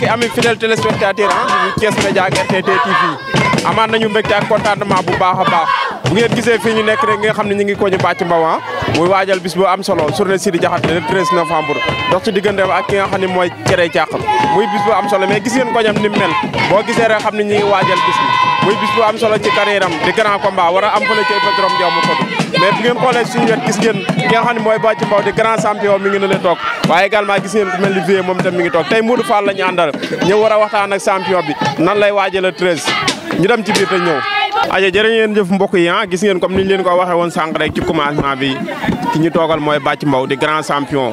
mbokki ami fidèle téléspectateur ah Thiès Média ak RTT TV nañu mbégte ak contentement bu baax a baax bu ngeen gisee fii ñu nekk rek nga xam ne ñu ngi koñu bàcc mbaw ah muy waajal bis bu am solo journée Sidi Diakhaté le 13 novembre dox ci diggante ak ki nga xam ne mooy cere càq muy bis am solo mais gis koñam ni boo gisee xam ne ñu waajal bis muy bis am solo ci carrière di grand combat war am fële ci hippodrome Ndiaw Macodou mais bu ngeen xoolee suñu wet gis ngeen ki nga ne mooy Bathie Mbow di grand champion mi ngi na leen toog waaye également gis ngeen ku mel ni vie moom itam mi ngi toog tey Modou Fall la ñu àndal ñëw war a waxtaan ak bi nan lay waajal le ñu dem ci te ñëw aja jërë ngeen jëf mbokk yi ah gis ngeen comme ni ñu leen ko waxee woon sànq rek ci commencement bi ki ñu toogal mooy Bathie Mbow di grand champion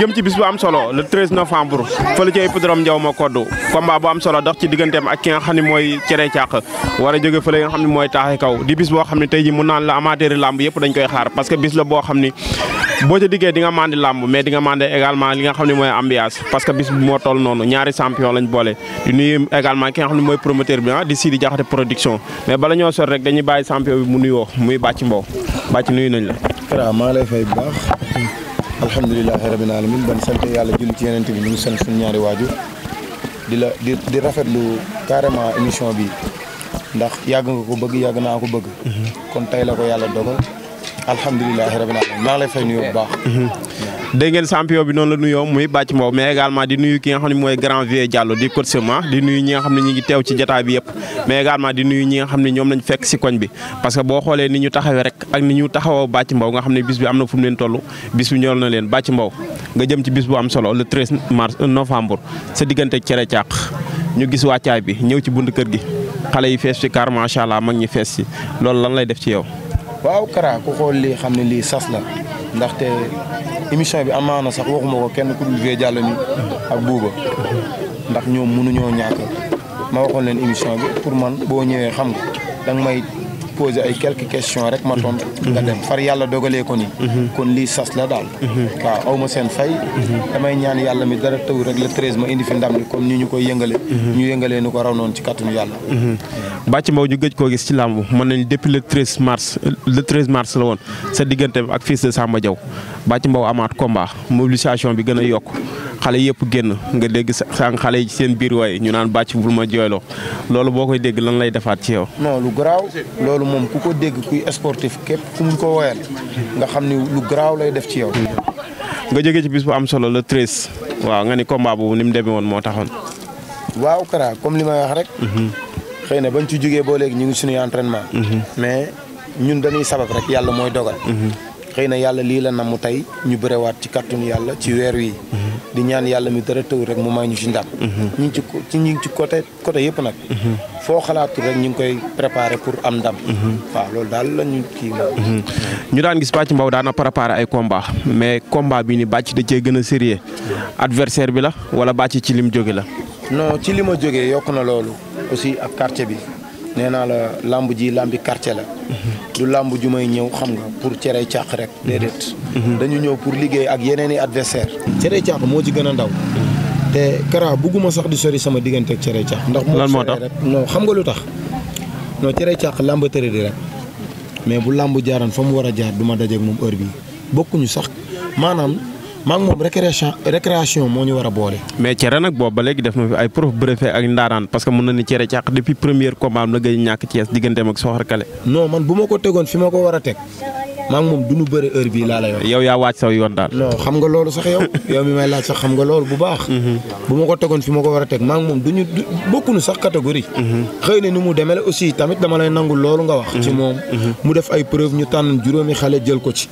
jëm ci bis bu am solo le 13 novembre fële ca hippodrome Ndiaw ma koddu combat bu am solo dox ci digganteem ak ki nga xam ne mooy cere càq war a jóge fële nga xam ne mooy taaxi kaw di bis boo xam ne tey ji mu naan la amateur lamb yëpp dañ koy xaar parce que bis la boo xam ni boo ca diggee dinga nga làmb mais di nga mandi également li nga xam ne mooy ambiance parce que bis bi moo toll noonu ñaari champion lañ boole di nuyu également ki nga xam ne mooy promoteur bi ah di Sidi Diakhaté production mais bala ñoo sori rek dañuy bàyyi champion bi muy Bathie Mbow Bathie nuyu nañ la. waaw maa lay fay bu baax alhamdulilahi rabbil alamin ban sant yàlla julli ci yeneen bi ñu ngi sant ñaari waajur di la di di rafetlu carrément émission bi ndax yàgg nga ko bëgg yàgg naa ko bëgg. Mm-hmm. kon tey la alhamdulilah rabbil alamin ngeen champion bi noonu la nuyoo muy bàcc mbaw mais également di nuyu ki nga xam ne mooy grand vieux Diallo di coach seulement di nuyu ñi xam ne ñu ngi teew ci jotaay bi yëpp mais nga xam ne ñoom lañ fekk si koñ bi parce que boo xoolee ni ñu taxawee rek ak ni ñu taxawoo bàcc mbaw nga xam ne bis bi am na fu mu leen toll bis bi ñor na leen bàcc mbaw nga jëm ci bis bu am solo le 13 mars euh, novembre sa diggante cere càq ñu gis wàccaay bi ñëw ci bunt kër gi xale yi fees fi car allah mag ñi fees si loolu lan lay def ci yow waaw Kara ku xool lii xam ne lii sas la ndaxte émission bi amaana sax waxuma ko kenn ku dul Vieux Diallo mi ak Bouba ndax ñoom mënuñoo ñàkk ma waxoon leen émission bi pour man boo ñëwee xam nga danga may posé ay quelques questions rek ma tontu. Mhm. nga dem far yàlla dogalee ko ni mhm. kon lii sas la daal. Mhm. waaw aw seen fay. damay ñaan yàlla mi dara taw rek le treize ma indi fi ndam li comme ni ñu koy yëngale ñu yëngalee nu ko raw ci kàttanu koo gis ci làmb man nañu depuis le treize mars le treize mars la woon sa diggante ak fils de Samba Diaw Bathie Mbow amaat ko mbaax combat mobilisation bi gën a yokk xale yëpp génn nga dégg sànq xale yi ci seen biir waaye ñu naan Bathie bul ma jooyloo loolu boo koy dégg lan lay defaat ci yow. non moom ku ko dégg kuy sportif képp ku mu ko woyal nga xam ni lu garaaw lay def ci yow. nga jógee ci bis bu am solo le treize. waaw nga ni combat boobu ni mu demee woon moo taxoon. waaw Kara comme li may wax rek. Mhm. xëy na bañ ci jógee boo léegi ñu ngi suñuy entraînement. Mhm. mais ñun dañuy sabab rek yàlla mooy dogal. Mhm. xëy na yàlla lii la namm tey ñu bërewaat ci kàttanu yàlla ci weer wi. di ñaan yàlla mi dara tëw rek mu may ñu ci ndam. Mhm. ñu ci ci ñu ngi ci yëpp nag. Mhm. foo xalaatul rek ñu ngi koy préparer pour am ndam. Mhm. waaw loolu daal la ñu ñu daan gis Bathie Mbow daana préparer ay combat mais combat bi ni Bathie da cee gën a sérieux adversaire bi la wala Bathie ci lim jóge la. non ci li a jógee yokk na loolu aussi ak quartier bi. nee naa la làmb ji làmbi quartier la. Mhm. du làmb ju may ñëw xam nga pour cere càq rek. déedéet. Mhm. dañu ñëw pour liggéey ak yeneen i adversaire cere càq moo ci gën a ndaw. te Kara bëgguma sax di sori sama diggante cere càq. ndax moo lan moo rek noo xam nga lu tax. non cere càq làmb tëre di rek. mais bu làmb jaaran fa mu war a jaar du ma dajeeg moom heure bi bokkuñu sax maanaam. maa ngi moom récréation moo ñu war a boole. mais cere nag boobu ba léegi def na fi ay prof brevet ak ndaaraan parce que mën na ni cere càq depuis première combat am la a ñàkk Thiès digganteem ak Soxor Kale. man bu ma ko tegoon fi ma ko war a teg maa ngi moom du ñu bëri heure bii laa lay wax. yow yaa waaj saw yoon daal. non xam nga loolu sax yow yow mi may laaj sax xam nga loolu bu baax. Mm-hmm. bu ma ko tegoon fi ma ko war a teg maa ngi moom du ñu bokkuñu sax catégorie. Mm-hmm. na ni mu demee la aussi tamit dama lay nangul loolu nga wax. ci mm-hmm. moom mu def ay preuve ñu tànn juróomi xale jël ko ci.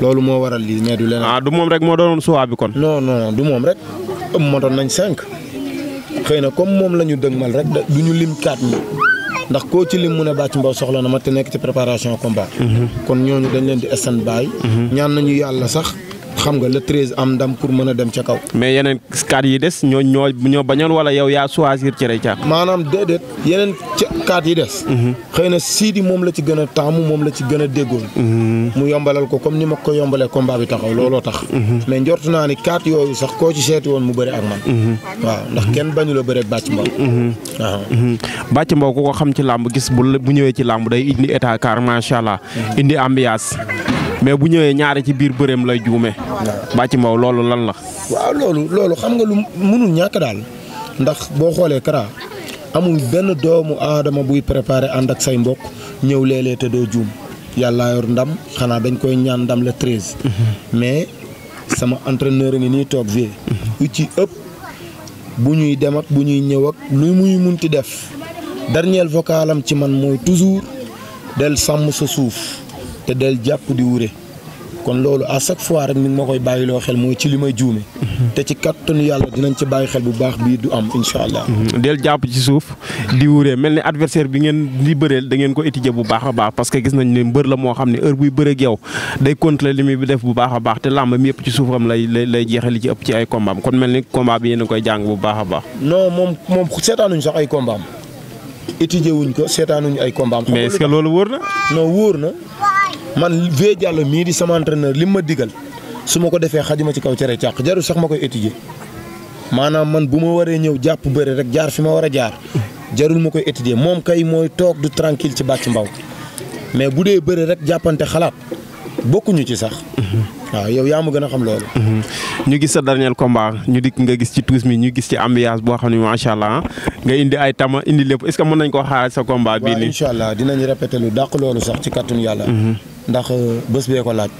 loolu moo waral lii mais du leneen. ah du moom rek moo doonoon suwaa bi kon. non non du moom rek ëpp doon nañ cinq xëy na comme moom la ñu dëgmal rek du ñu lim kaat ñi ndax koo ci lim mu ne Bathie Mbow soxla na ma te nekk ci préparation combat. Mhm. kon ñooñu dañ leen di stand by. Mhm. ñaan nañu yàlla sax. xam nga le treize am ndam pour mën a dem ca kaw. mais yeneen kaat yi des ñoo ñoo ñoo bañoon wala yow yaa choisir cere caak. maanaam déedéet yeneen ca kaat yi des. Mhm. xëy na Sidi moom la ci gën a taamu moom la ci gën a déggoon. Mhm. mu yombalal ko comme ni ma ko yombalee combat bi taxaw looloo tax. Mhm. mais njort naa ni kaat yooyu sax koo ci seeti woon mu bëri ak man. waaw ndax kenn bañu la bëri ak bàcc mbaw. waaw bàcc mbaw ku ko xam ci làmb gis bu bu ñëwee ci làmb day indi état car macha allah indi ambiance. mais bu ñëwee ñaari ci biir bëreem lay juume bàcc mbaw loolu lan la. waaw loolu loolu xam nga lu munul ñàkk daal ndax boo xoolee Kara amul benn doomu aadama buy préparé ànd ak say mbokk ñëw léeg-léeg te doo juum yàlla yor ndam xanaa dañ koy ñaan ndam le mais sama entraîneur ngi nii toog vie. lu ci ëpp bu ñuy dem ak bu ñuy ñëw ak lu muy munti def dernier vocalam ci man mooy toujours del sàmm sa suuf. te del jàpp di wure kon loolu à chaque fois rek ni nga ma koy bàyyiloo xel mooy ci li may juume te ci kattanu yàlla dinañ ci bàyyi xel bu baax bii du am incha allah. Mhm. del jàpp ci suuf di wuree mel ni adversaire bi ngeen di bëreel da ngeen ko étudier bu baax a baax parce que gis nañ ne mbër la moo xam ne heure buy bëre ak yow day contrôler li muy def bu baax a baax te làmb yëpp ci suuf am lay lay ci ëpp ci ay combat kon mel ni combat bi yéen a koy jàng bu baax a baax. moom moom seetaanuñ sax ay combat am étudier wuñ ko seetaanuñ ay combat am. mais est na. non wóor na. man Vieux Diallo mii di sama entraîneur li ma digal su ma ko defee xajuma ci kaw cere càq jarul sax ma koy étudier maanaam man bu ma waree ñëw jàpp bëre rek jaar fi ma war a jaar jarul ma koy étudier moom kay mooy toog du tranquille ci bàcc mbaw mais bu dee bëre rek jàppante xalaat bokkuñu ci sax. waaw yow yaa mu gën a xam loolu. ñu gis sa dernier combat ñu dikk nga gis ci tuus ñu gis ci ambiance boo xam ne macha allah nga indi ay tama indi lépp est-ce que mën nañ koo dinañ répété lu loolu sax ci kàttanu yàlla. Mhm. ndax euh, bés bee ko laaj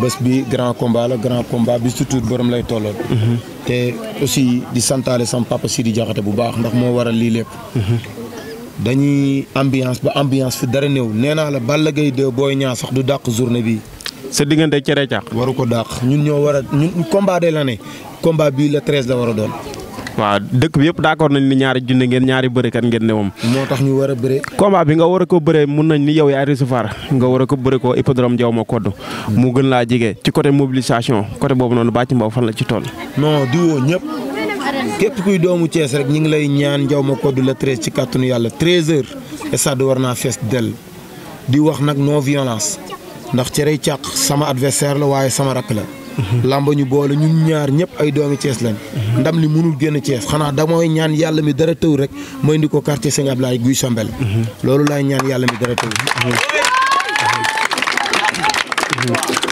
bés bi grand combat la grand combat bi surtout borom lay tolloon. Mhm. te aussi di santaale sam papa di Diakhaté bu baax ndax moo waral lii lépp. Mhm. dañuy ambiance ba ambiance fi dara néew nee naa la Balla Gaye 2 Boy Niang sax du dàq journée bi sa diggante cere caax. waru ko dàq ñun ñoo war a ñun combat de l'année combat bii la treize la war a doon. waaw dëkk bi yëpp d'accord nañ ni ñaari junne ngeen ñaari bërekat ngeen ne moom. moo tax ñu war a bëree. combat bi nga war a ko bëree mun nañ ni yow yaa recevoir nga war a ko bëree ko hippodrome Diaw ma kodd mu gën laa jege ci côté mobilisation côté boobu noonu bàcc mbaaw fan la ci toll. non di woo ñëpp képp kuy doomu cees rek ñu ngi lay ñaan Diaw ma kodd la treize ci kàttanu yàlla treize heures stade war naa fees dell di wax nag non violence ndax cere càq sama adversaire la waaye sama rakk làmb ñu boole ñun ñaar ñëpp ay doomi cees lañ ndam li mënul génn Thiès xanaa damooy ñaan yàlla mi dara tëw rek mooy ni ko quartier Sëñ Ablaye Guy Sombel loolu laay ñaan yàlla mi dara tëw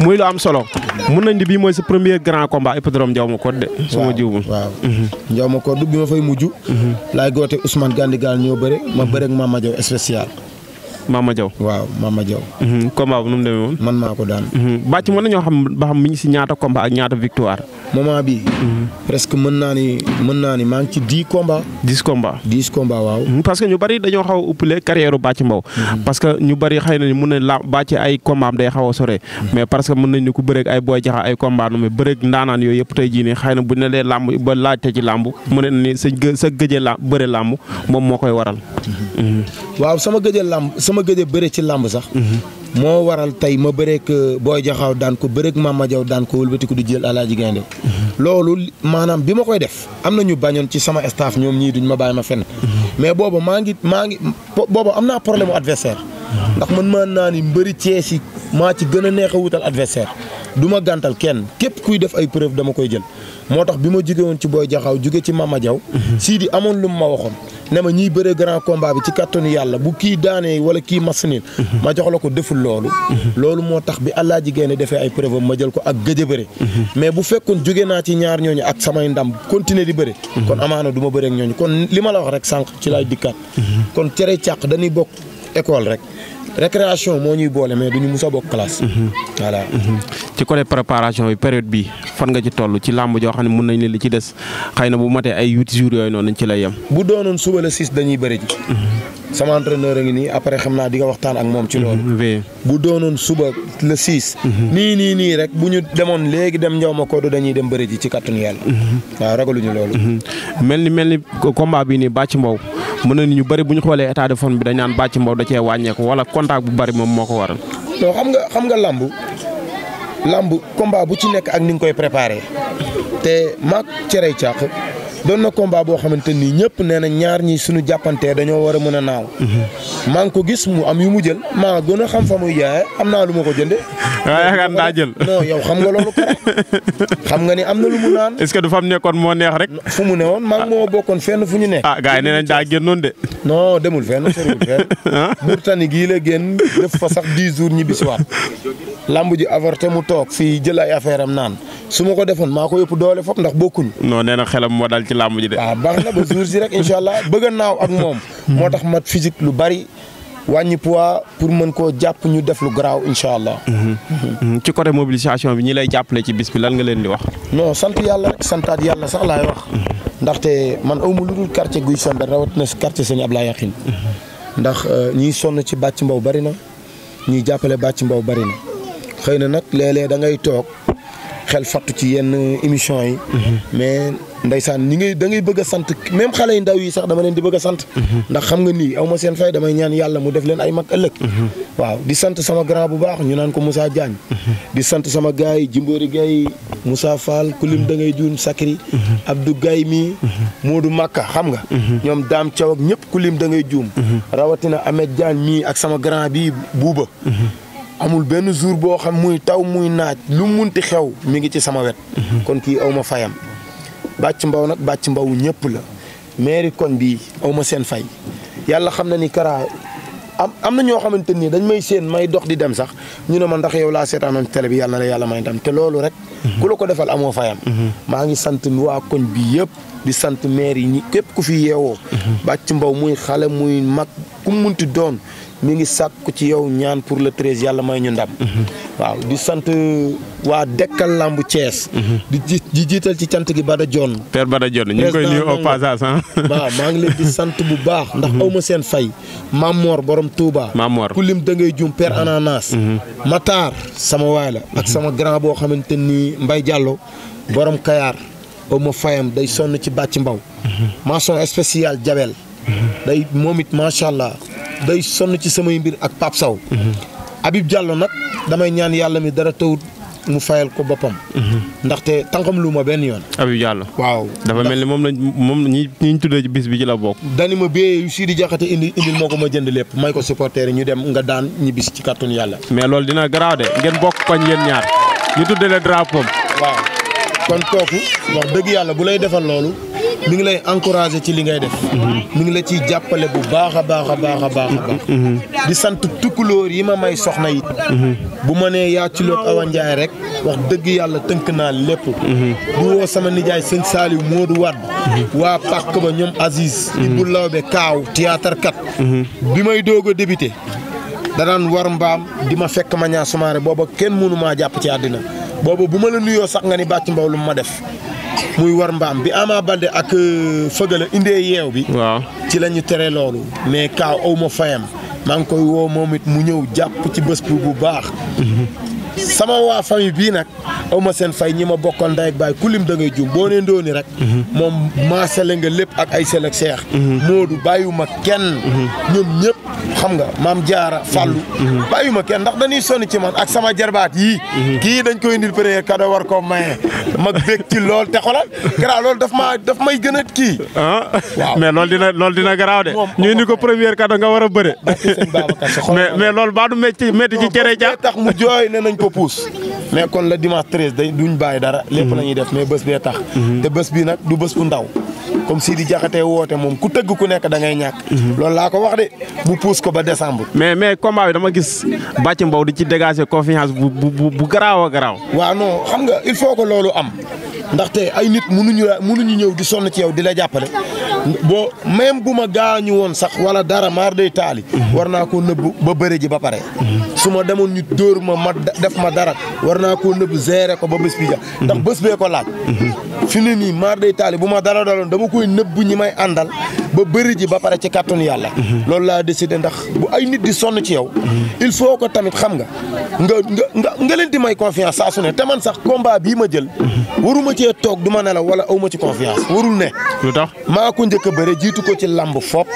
muy lu am solo mun nañ di bii mooy sa premier grand combat hippodrome Ndiaw Macodou de. su ma jiw waaw mhm. Ndiaw Macodou bi ma fay mujj. Mhm. laay goote Ousmane Gandigal ñoo bëre. ma mhm. bëre ak Mama Diaw Mama Diaw waaw Mama Diaw. Mhm, combat bu nu mu demee woon. man maa ko daan. Mhm, bàcc mën nañoo xam ba xam mi ngi si ñaata combat ak ñaata victoire. moment bi presque mën naa ni mën naa maa ngi ci dix combats. dix combats dix waaw. Mm, parce que ñu bari dañoo xaw a uppale carrière Bathie Mbow. Mm-hmm. parce que ñu bari xay na mun na la Bathie ay combats am day xaw a sore. Mm-hmm. mais parce que mën nañu ko bëreeg ay Boy Jaxa ay combats mais bëreeg ndaanaan yooyu yëpp tey jii nii xëy na bu ne lee làmb ba laajte ci làmb mu ne ni sa gë sa gëjë la bëre moom moo koy waral. Mm-hmm. waaw sama gëjë làmb sama gëjë bëre ci lamb sax. moo waral tey ma bëreek euh, Boy Jaxaw daan ko bëreek Mama Jaw daan ko wëlbatiku di jël Alaaji Gaynde mhm. loolu maanaam bi ma koy def am na ñu bañoon ci sama staff ñoom ñii duñ ma bàyyi ma fenn mhm. mais booba maa ngi maa ngi booba am naa problème mu adversaire mhm. ndax man mën naa ni mbëri Cees yi maa ci gën a neex a wutal adversaire du ma gàntal kenn képp kuy def ay preuve dama koy jël moo tax bi ma jóge woon ci booy Jaxaw jóge ci Mama sii Sidi amoon lu mu ma waxoon ne ma ñiy bëre grand combat bi ci kàttanu yàlla bu kii daanee wala kii masanil ma jox la ko deful loolu loolu moo tax bi àllaa jigeen ne defee ay preuve ma jël ko ak gëj a bëre mais bu fekkoon juge naa ci ñaar ñooñu ak samay ndam continuer di bëre kon amaana du ma bëre ak ñooñu kon li ma la wax rek sànq ci laay dikkaat kon cere càq dañuy bokk école rek récréation moo ñuy boole mais duñu mus a bokk classe. Mhm. voilà. Mhm. ci côté préparation bi période bi fan nga ci toll ci làmb joo xam ne mun nañ leen li ci des xëy na bu matee ay huit jours yooyu noonu ci lay yem. bu doonoon suba la six dañuy bëri ji. Mhm. sama entraîneur a ngi nii après xam naa di nga waxtaan ak moom ci loolu mhm, bu doonoon suba le 6 mhm. nii nii nii rek bu ñu demoon léegi dem njaw ma koodu dañuy dem bëri ji ci kàttanu yàlla mhm. waaw ragaluñu loolu mel ni mel ni combat bi nii bàcc mbow mën na ni ñu bëri bu ñu xoolee état de bi dañ naan bàcc mbow da cee wàññeeku wala contact bu bëri moom moo ko waral non xam nga xam nga làmb làmb combat bu ci nekk ak ni nga koy préparé te maak cerey càq doon na combat boo xamante nii ñëpp nee na ñaar ñi suñu jàppantee dañoo war a mën a naaw mhm. maa ngi ko gis mu am yu mu jël maa gën a xam fa muy jaayee am naa lu ma ko jënde waaw yaakaar yow xam nga loolu nga ni am na lu mu naan est du fa mu nekkoon moo neex rek fu mu ne woon maa ngi moo bokkoon fenn fu ñu nekk ah gars yi nee daa génnoon de non demul fenn soriwul fenn Burtani ah. gii la génn def fa sax dix jours ñi waa lamb ji avorté mu toog fii jël ay affaire am naan su ma ko defoon maa ko yëpp doole foofu ndax bokkuñ non nee na xelam moo dal ci làmb ji de. waaw ah, baax na ba jour si rek incha allah bëgg naaw ak moom. Hmm. moo tax mat physique lu bari wàññi poids pour mën koo jàpp ñu def lu garaaw incha allah. Hmm. Hmm. ci côté mobilisation bi ñi lay jàppale ci bis bi lan nga leen di wax. non sant yàlla santaat yàlla sax ndaxte man awma lu dul quartier guy Sondar rawatina quartier Ablaye Yaxin. ndax euh, ñiy sonn ci bàcc mbaw bari na ñiy jàppale bàcc mbaw bari na xëy na nag léeg-léeg da ngay toog. xel fattu ci yenn émission yi. mais ndeysaan ni ngay da ngay bëgg sant même xale yu ndaw yi sax dama leen di bëgg a sant. ndax xam nga nii aw ma seen fay damay ñaan yàlla mu def leen ay mag ëllëg. waaw di sant sama grand bu baax ñu naan ko Moussa Diagne. di sant sama gars yi Jimbori Gaye Moussa Fall Kulim da ngay juum Sakri. Abdou Gaye mii. du Makka xam nga. ñoom Dame Thiaw ak ñëpp Kulim da ngay juum. rawatina Ahmed Diagne mii ak sama grand bi Bouba. amul benn jour boo xam muy taw muy naaj lu ti xew mi ngi ci sama wet. Mhm. kon kii aw ma fayam. bàcc mbaw nag bàcc mbaw ñëpp la. mairie koñ bii aw ma seen fay. yàlla xam na ni Kara am am na ñoo xamante nii dañ may seen may dox di dem sax ñu ne ma ndax yow laa seetaanoon télé bi yàlla na yàlla may ndam te loolu rek. Mhm. ku la ko defal amoo fayam. Mhm. maa ngi sant waa koñ bi yëpp. di sant maire yi képp ku fi yeewoo. ci mbaw muy xale muy mag ku munti doon mi ngi sàkku ci yow ñaan pour le treize yàlla may ñu ndam. waaw di sant waa dekkal lambu cees di ji jiital ci cant gi Bada Dione. père Bada Dione ñu ngi koy nuyu au waaw maa ngi leen sant bu baax. ndax mhm. awma seen fay. mamoor borom Touba. Mamor ku lim da ngay jum père mhm. Ananas. Mhm. Matar sama waay la. ak sama grand boo xamante ni Mbaye Diallo borom aw ma fayam day sonn ci bàcc mbaw mention spéciale Jabel day moom it macha allah day sonn ci samay mbir ak Pape saw Habib Diallo nag damay ñaan yàlla mi dara tawut mu fayal ko boppam. ndaxte tànkam lu ma benn yoon. Habib Diallo waaw. dafa mel ni moom la moom ñi ñu tuddee ci bis bi ci la bokk. dani ma bee yu Sidi Diakhaté indi indil moo ko ma jënd lépp may ko supporter ñu dem nga daan ñu ci kàttanu yàlla. mais loolu dina garaaw de ngeen bokk koñ yéen ñaar ñu tuddee kon kooku wax dëgg yàlla bu lay defal loolu mi ngi lay encouragé ci li ngay def. mu ngi la ciy jàppale bu baaxa a baax a baax a baax. di sant tukkulóor yi ma may soxna yi. bu ma nee yaa ci loog Awa rek wax dëgg yàlla tënk naa lépp. bu woo sama nijaay sëñ Saliou Modou Wade. waa pàkk ba ñoom Aziz. Ibou Lawbe Kaaw théâtre bi may doog a débuté. danaan war mbaam di ma fekk ma ñaa sumaare booba kenn mënu maa jàpp ci àddina. boobu bu ma la nuyoo sax nga ni bàcc mbaw lu ma def muy war mbaam bi Ama Baldé ak euh, fëgala indee yeew bi waaw ci la ñu tere loolu mais kaaw aw ma fayam maa ngi koy woo moom it mu ñëw jàpp ci bësku bu baax mhm. sama waa famille bii nag aw ma seen fay ñi ma bokkal ndey ak baay ku lim da ngay juum boo nee Ndondy rek. moom maasale nga lépp ak ay sel ak seex. Moodu bàyyiwuma kenn. ñoom ñëpp xam nga maam jaara fàllu bàyyiwuma kenn ndax dañuy sonn ci man ak sama jarbaat yii. kii dañ koy indil premier cadeau war koo maye. ma bég ci lool te xolal garaaw loolu daf maa daf may gën a kii. Ah. waaw mais loolu dina loolu garaaw de. ñu indi ko première kàddu nga war a bëre. mais mais loolu baa du métti métti ci cere ja. tax mu jooy ne nañ ko puus. mais kon la dimanche treize day duñ bàyyi dara. lépp mhm. la ñuy def mais bés bee tax. Mhm. te bés bi nag du bés bu ndaw. comme Sidi Diakhaté woote moom ku tëgg ku nekk da ngay ñàkk. Mhm. loolu laa ko wax de bu puus ko ba décembre. mais mais combat bi dama gis Bathie Mbow di ci dégager confiance bu bu bu garaaw a garaaw. am ndaxte ay nit munuñu munuñu ñëw di sonn ci yow di la jàppale boo même bu ma gaañu woon sax wala dara maar day taali mhm. war naa ko nëbb ba bëre ji ba pare mhm. su ma demoon ñu dóor ma ma def ma dara war naa koo nëbb gérer ko ba bés bi ja ndax bés bee ko laaj fi ne nii maar day taali bu ma dara daloon dama koy nëbb ñi may àndal ba bëri ji ba pare ci kàttanu yàlla loolu laa décidé ndax bu ay nit di sonn ci yow il faut que tamit xam nga nga nga nga leen di may confiance saa su te man sax combat bii ma jël waru ma cee toog du ma ne la wala ma ci confiance warul ne lu tax maa ko njëkk a bëre jiitu ko ci lamb fop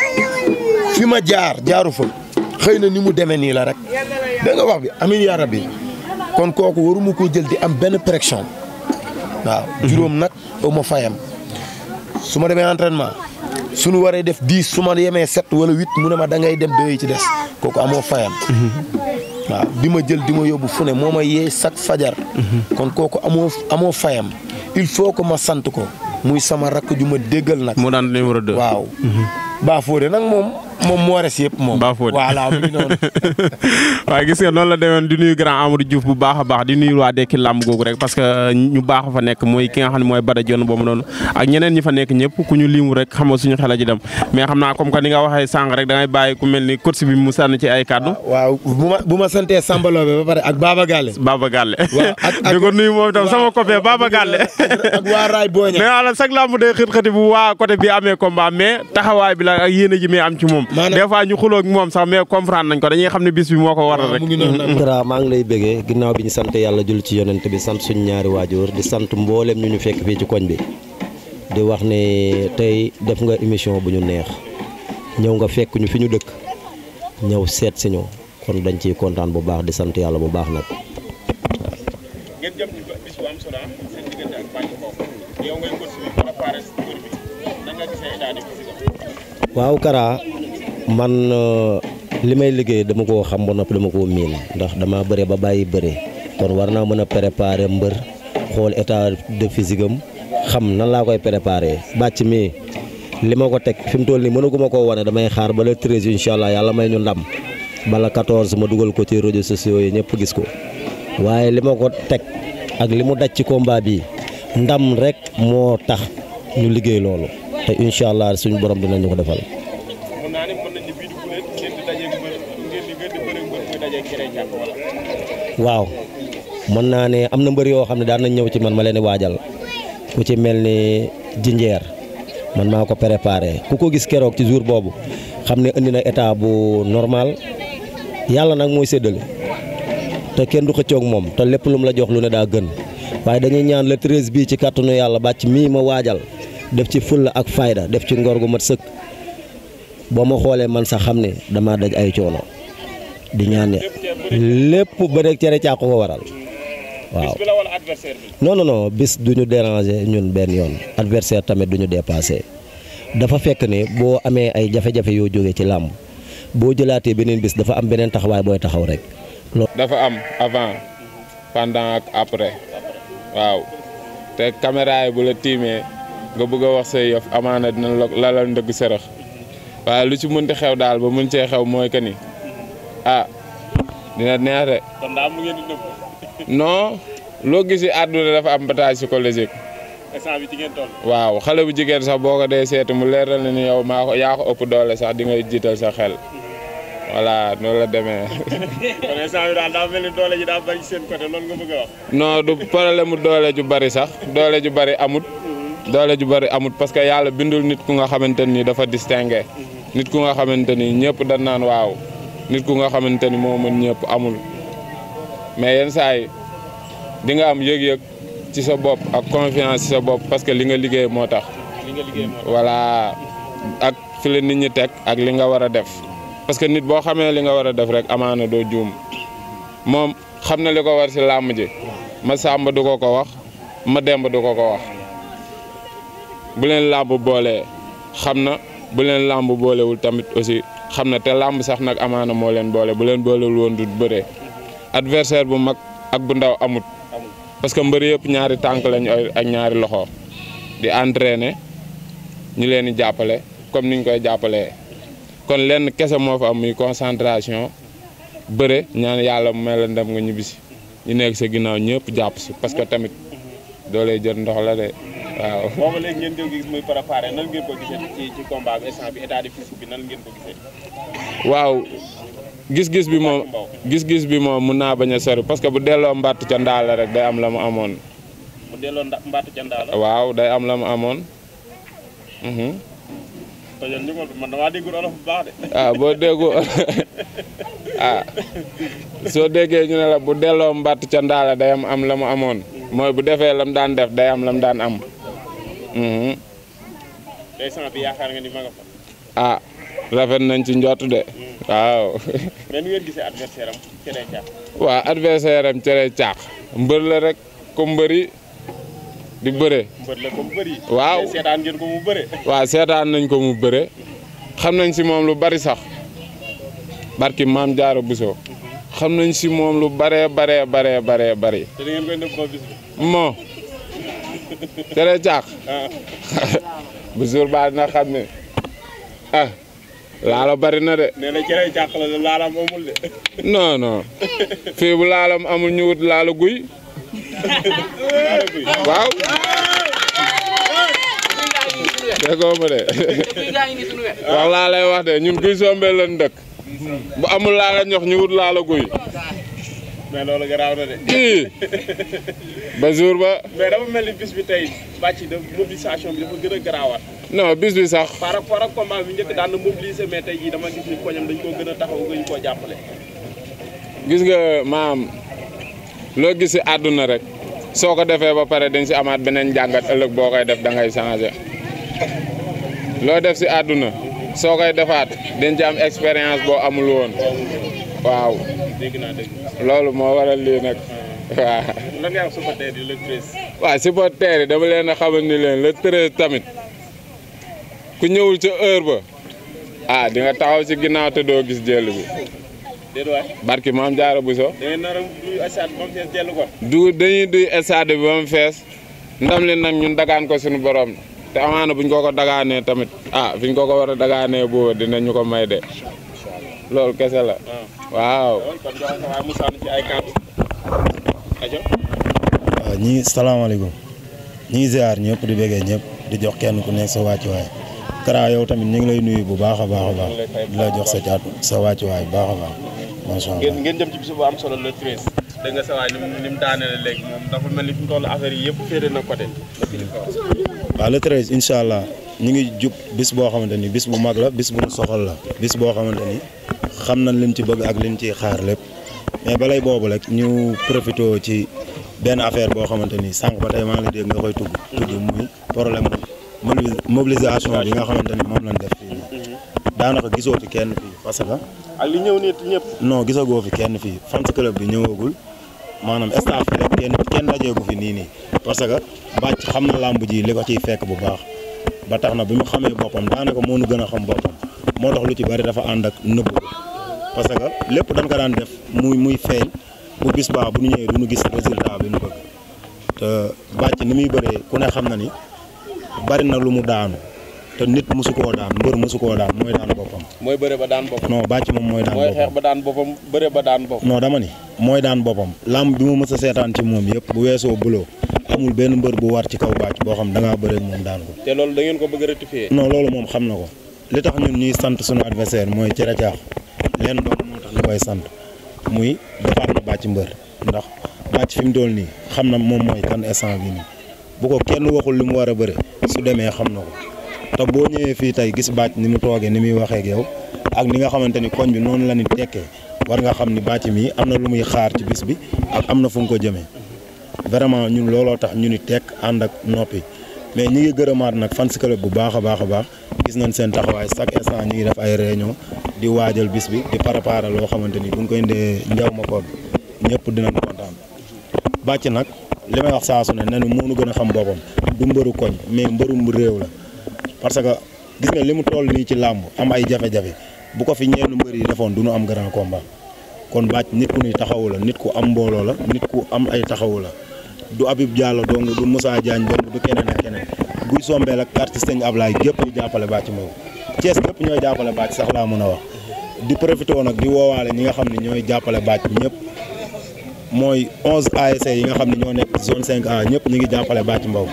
fi ma jaar jaaru xëy na ni mu demee nii la rek da nga wax bi amin yaa kon kooku waruma koo jël di am benn pression waaw juróom nag ma fayam su ma demee entraînement su ñu waree def dix su ma yemee sept wala huit mu ma da ngay dem ba ci des kooku amoo fayam waaw di ma jël di ma yóbbu fu ne moo ma yee chaque fajar kon kooku amoo amoo fayam il faut que ma sant ko muy sama rakk ju ma déggal nag moo daan numéro deux waaw baa fóore nag moom moom moo res yëpp moom. baaxoo voilà muy noonu. waaw gis nga noonu la demee di nuyu grand Amadou Diouf bu baax a baax di nuyu waa Dekki làmb googu rek parce que ñu baax fa nekk mooy ki nga xam ne mooy Bada Dione boobu noonu ak ñeneen ñi fa nekk ñëpp ku ñu limu rek xam nga suñu xel a ji mais xam naa comme que ni nga waxee sànq rek da ngay ku mel ni coach bi mu sànni ci ay kàddu. waaw bu ma bu ma santee Samba Lobé ba pare ak Baba Galle. Baba Galle. waaw ak ak di ko nuyu moom itam sama copain Baba Galle. ak waa Raay Boña. mais ala chaque bu waa côté bi amee combat mais taxawaay bi la ak yéene ji mi am ci moom des fois ñu xuloo moom sax mais comprendre nañ ko dañuy xam ne bis bi moo ko waral rek Kara mm-hmm. maa ngi lay bëggee ginnaaw bi ñu sant yàlla jul ci yonent bi sant suñu ñaari waajur di sant mboolem ñu ñu fekk fii ci koñ bi di wax ne tey def nga émission bu ñu neex ñëw nga fekk ñu fi ñu dëkk ñëw seet si ñu kon dañ ciy kontaan bu baax di sant yàlla bu baax nag ngeen waaw Kara man euh, li may liggéey dama koo xam ba noppi dama koo miin ndax dama bëre ba bàyyi bëre kon war naa mën a préparer mbër xool état de physique xam nan laa koy préparer bàcc mi li ma ko teg fi mu toll nii mënaguma koo wane damay xaar ba le treize incha allah yàlla may ñu ndam bala quatorze ma dugal ko ci réseaux sociaux yi ñëpp gis ko waaye li ma ko teg ak li mu daj ci combat bi ndam rek moo tax ñu liggéey loolu te incha allah suñu borom dinañu ko defal. waaw mën naa ne am na mbër yoo xam ne daan nañ ñëw ci man ma leen waajal ku ci mel ni jinjeer man maa ko préparé ku ko gis keroog ci jour boobu xam ne indi na état bu normal yàlla nag mooy séddale te kenn du xëccoog moom te lépp lu mu la jox lu ne daa gën waaye dañuy ñaan le treize bii ci kàttanu yàlla bàcc mii ma waajal def ci fulla ak fayda def ci ngor gu mat sëkk boo ma xoolee man sax xam ne damaa daj ay coono. di ñaane lépp bëre cere caaku ko waral waaw non non non bis du ñu déranger ñun benn yoon adversaire tamit du ñu dépassé dafa fekk ni boo amee ay jafe-jafe yoo jóge ci làmb boo jëlaatee beneen bis dafa am beneen taxawaay booy taxaw rek. dafa am avant pendant ak après waaw te caméra yi bu la tiimee nga bëgg a wax say yof amaana dina la lalal ndëgg sërëx waaye lu ci mënti xew daal ba mën cee xew mooy que ni. ah dina neex de. kon daal gis si àdduna dafa am bataille psychologique. instant bi waaw xale bu jigéen sax boo ko dee seet mu leeral na ni yow maa ko yaa ëpp doole sax di ngay sax sa xel. voilà noonu la demee. kon du problème mu doole ju bari sax doole ju bari amut. doole ju bari amut parce que yàlla bindul nit ku nga xamante ni dafa distingué. nit ku nga xamante ni ñëpp dañ waaw. nit ku nga xamante ni moo mën ñëpp amul mais yenn saa yi di nga am yëg-yëg ci sa bopp ak confiance ci sa bopp parce que li nga liggéey moo tax voilà ak fi nit ñi teg ak li nga war a def parce que nit boo xamee li nga war a def rek amaana doo juum moom xam na li ko war si làmb ji ma sàmba du ko ko wax ma demb du ko ko wax bu làmb boolee xam na bu leen làmb boolewul tamit aussi xam na te làmb sax nag amaana moo leen boole bu leen boolewul woon du bëree adversaire bu mag ak bu ndaw amut parce que mbër yëpp ñaari tànk lañ ak ñaari loxo di ne ñu leen di jàppale comme niñ koy jàppalee kon lenn kese moo fa am muy concentration bëre ñaan yàlla may la ndam nga ñibbisi ñu nekk sa ginnaaw ñëpp jàpp si parce que tamit doo lay ndox la de. waaw booba léegi ngeen jóg gis muy préparé nan bi instant waaw gis-gis bi moom gis-gis bi moom mun naa bañ a sori parce que bu delloo mbatt ca ndaala rek day am la mu amoon. bu delloo ca ndaala. waaw day am la mu amoon. Mhm. tojal ñu ko ah, boo déggu ah soo déggee ñu ne la bu delloo mbatt ca ndaala day am am la mu amoon. mooy bu defee lam daan def day am lam daan am. restaurant mhm. yaakaar nga ni ah, rafet nañ ci njott de. Mm. waaw. mais cere caax. waaw mbër rek comme mbër di bëre. mbër la waaw seetaan nañ ko mu bëre. xam nañ si moom lu bari sax barki maam jaaro Buso mm-hmm. xam nañ si moom lu baree baree baree baree bari. te da ngeen koy tere caax bu suur baa dina xam ne ah, laalo bari na de. nee na cere caax la laalam amul de. non ñu wut laalo guy waaw. déggoo ma de wax laa lay wax de ñun guy sombe lan dëkk bu amul laala ñox ñu wut laala guy mais ba jour ba. mais dafa mel ni bis bi tey bàcc de mobilisation bi dafa a garaawaat. non bis bi sax. par rapport ak bi njëkk daan na mobiliser mais tey jii dama gis ni koñam dañ koo koo jàppale. nga maam loo gis si àdduna rek soo ko defee ba pare dañ si amaat beneen jàngat ëllëg boo koy def da ngay changé loo def si àdduna soo koy defaat dañ ci am expérience boo amul woon waaw. loolu moo waral lii nag. waaw. lan dama leen a xamal ni leen le tamit ku ñëwul ca heure ba ah di nga taxaw ci ginnaaw te doo gis jël bi. déedéet barki maam jaara bu so. da a duy stade ba dañuy duy stade bi ba mu fees ndam li nag ñun dagaan ko sunu borom te amaana buñ ko ko dagaanee tamit ah fi ñu ko ko war a dagaanee booba dinañu ko may de. loolu kese la. Ah. waaw. waaw ñi ngi salaamaaleykum ñi ngi ziar ñëpp di bëggee ñëpp di jox kenn ku nekk sa wàccuwaay Kara yow tamit ñu ngi lay nuyu bu baax a baax a baax di la jox sa jaatu sa wàccuwaay bu baax a baax macha allah ngeen jëm ci bis allah ñu ngi jub bis boo xamante ni bis bu mag la bis bu nu soxal la bis boo xamante ni xam na lim ci bëgg ak lim ciy xaar lépp mais balay boobu rek ñu profité ci benn affaire boo xamante ni sànq ba tey maa ngi dégg nga koy tugg tudd muy problème mobilisation bi nga xamante ni moom lañ def fii daanaka gisoo fi kenn fii parce que. ak gisagoo fi kenn fii fans club bi ñëwagul maanaam staff bi rek kenn kenn dajeegu fi nii nii parce que bàcc xam na làmb ji li ko ciy fekk bu baax ba tax na bi mu xamee boppam daanaka moo nu gën a xam boppam moo tax lu ci bari dafa ànd ak nëbb parce que lépp dañ ko daan def muy muy feeñ bu gis baax bu ñu ñëwee du ñu gis résultat bi ñu bëgg te bàcc ni muy bëree ku ne xam na ni bari na lu mu daanu te nit mosu koo daan mbër mosu koo daan mooy daan boppam. mooy bëre ba daan boppam. non bàcc moom mooy daan boppam ba daan boppam bëre ba daan boppam. non dama ni mooy daan boppam. làmb bi mu mës a seetaan ci moom yëpp bu weesoo buloo amul benn mbër bu war ci kaw bàcc boo xam da ngaa bëre moom daan ko. te loolu da ngeen ko bëgg a rectifier. loolu moom xam na ko li tax ñun ñuy sant suñu adversaire mooy cere caax leen doom moo tax ñu koy sant muy defaat na bàcc mbër ndax bàcc fi mu toll nii xam na moom mooy kan instant bi nii bu ko kenn waxul li mu war a bëre su demee xam na ko te boo ñëwee fii tey gis bàcc ni mu toogee ni muy waxee ak yow ak ni nga xamante ni koñ bi noonu la ñu tekkee war nga xam ni bàcc mi am na lu muy xaar ci bis bi ak am na fu nga ko jëmee vraiment ñun looloo tax ñu ni tekk ànd ak noppi mais ñi ngi gërëmaat nag fan si club bu baax a baax a baax gis nañ seen taxawaay chaque instant ñu ngi def ay réunion di waajal bis bi di préparer loo xamante ni bu ñu koy indee njaw ma ñépp dina dinañ kontaan bàcc nag li may wax saasu ne nee na nu gën a xam boppam du mbëru koñ mais mbërum réew la parce que gis nga li mu toll nii ci làmb am ay jafe-jafe bu ko fi ñenn mbër yi defoon du ñu am grand combat kon bàcc nit ku ñuy taxawu la nit ku am mbooloo la nit ku am ay taxawu la du Habib Diallo dong du Moussa Diagne dong du keneen ak keneen guy sombeel ak artiste Ablaye gépp ñu jàppale bàcc moom. Thiès bépp ñooy jàppale bàcc sax laa mën a wax di profité nag di woowaale ñi nga xam ne ñooy jàppale bàcc ñëpp mooy 11 ASC yi nga xam ne ñoo nekk zone 5A ñëpp ñu ngi jàppale bàcc mbaw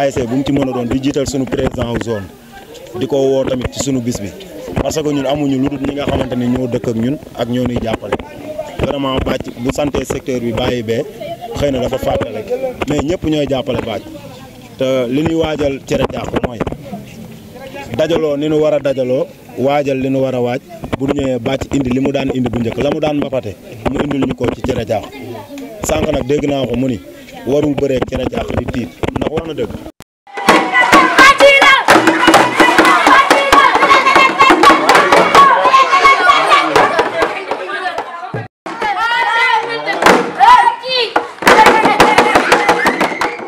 ASC bu mu ci mën a doon di jiital suñu président wu di ko woo tamit ci suñu bis bi parce que ñun amuñu lu dul ñi nga xamante ne ñoo dëkk ak ñun ak ñoo ñuy jàppale vraiment bàcc bu santé secteur bi bàyyi bee xëy na dafa fàtte rek mais ñëpp ñooy jàppale bàcc te li ñuy waajal cere jàpp mooy dajaloo ni nu war a dajaloo waajal li nu war a waaj bu ñëwee bàcc indi li mu daan indi bu njëkk la mu daan mbapate mu indil ñu ko ci cere jaax sànq nag dégg naa ko mu ni warul bëreeg cere jaax di tiit ndax wax na dëgg